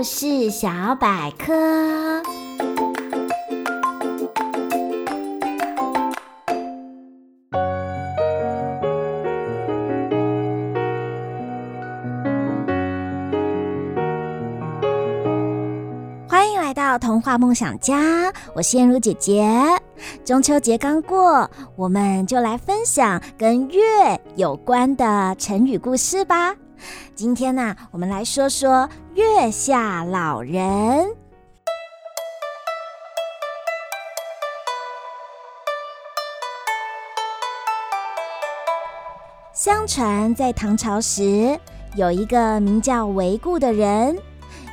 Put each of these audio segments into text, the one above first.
故事小百科，歡迎來到童話夢想家，我是燕如姐姐。中秋節剛過，我們就來分享跟月有關的成語故事吧。今天呢、啊，我們來說說月下老人。相傳在唐朝時，有一個名叫韋固的人。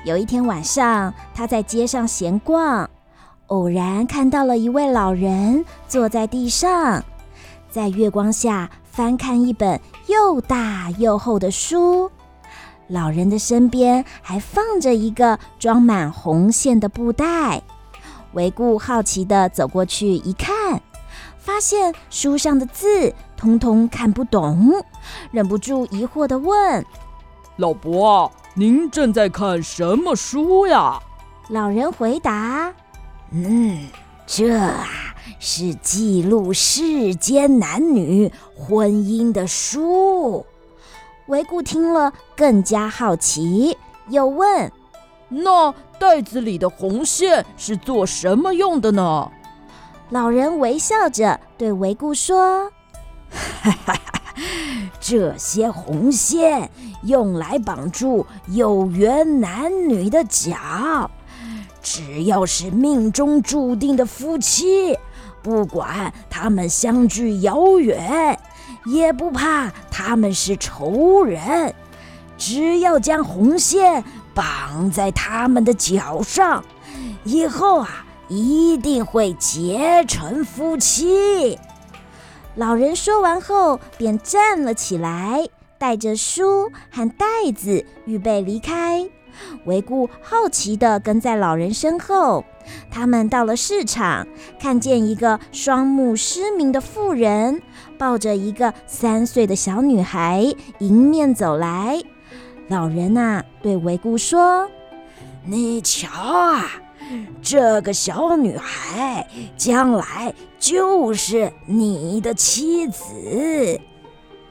有一天晚上，他在街上閒逛，偶然看到了一位老人坐在地上，在月光下，翻看一本又大又厚的書，老人的身邊還放着一個裝滿紅線的布袋。韋固好奇的走過去一看，發現書上的字通通看不懂，忍不住疑惑的問：“老伯，您正在看什麼書呀？”老人回答：“嗯，這。”是記錄世間男女婚姻的書。韋固聽了更加好奇，又問：“那袋子裡的紅線是做什麼用的呢？”老人微笑着對韋固說：“哈哈哈哈，這些紅線用來綁住有緣男女的腳，只要是命中注定的夫妻。”不管他們相距遙遠，也不怕他們是仇人，只要將紅線綁在他們的腳上，以後啊，一定會結成夫妻。老人說完後，便站了起來，帶着書和袋子，預備離開。韋固好奇地跟在老人身後。他們到了市場，看見一個雙目失明的婦人抱着一個三歲的小女孩迎面走來。老人吶、啊，對韋固說：“你瞧啊，這個小女孩將來就是你的妻子。”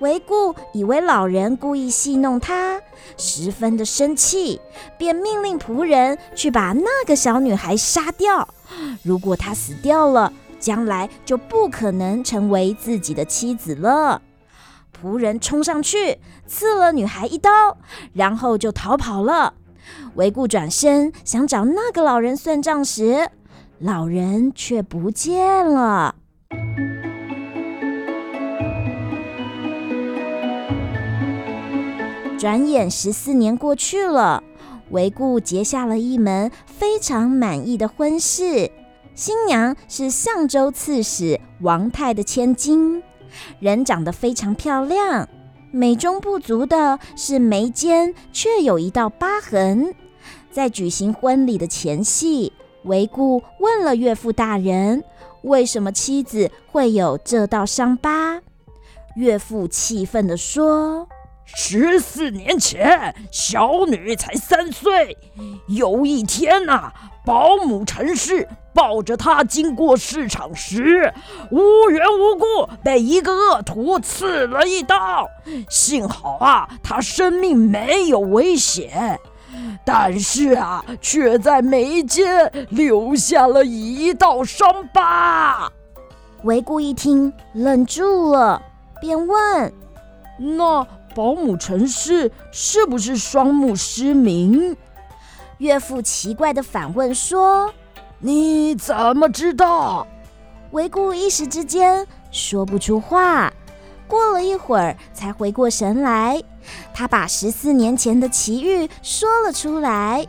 韋固以為老人故意戲弄他，十分的生氣，便命令僕人去把那個小女孩殺掉。如果她死掉了，將來就不可能成為自己的妻子了。僕人衝上去刺了女孩一刀，然後就逃跑了。韋固轉身想找那個老人算賬時，老人卻不見了。轉眼十四年過去了，韋固結下了一門非常滿意的婚事。新娘是相州刺史王泰的千金，人長得非常漂亮。美中不足的是，眉間卻有一道疤痕。在舉行婚禮的前夕，韋固問了岳父大人，為什麼妻子會有這道傷疤？岳父氣憤地說。十四年前，小女才三歲。有一天吶、啊，保姆陳氏抱着她經過市場時，無緣無故被一個惡徒刺了一刀。幸好啊，她生命沒有危險，但是啊，卻在眉間留下了一道傷疤。韋固一聽，愣住了，便問：“那？”保姆陳氏是不是雙目失明？岳父奇怪的反問說：“你怎麼知道？”韋固一時之間說不出話，過了一會兒才回過神來，他把十四年前的奇遇說了出來。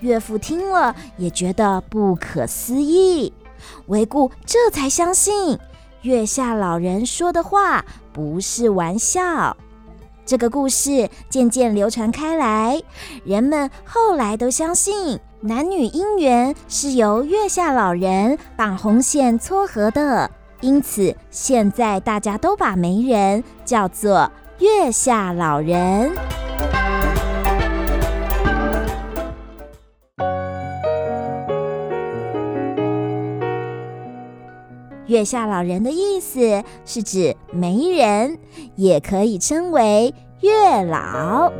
岳父聽了也覺得不可思議，韋固這才相信月下老人說的話不是玩笑。這個故事漸漸流傳開來，人們後來都相信男女姻緣是由月下老人綁紅線撮合的，因此現在大家都把媒人叫做月下老人。月下老人的意思是指媒人，也可以稱為月老。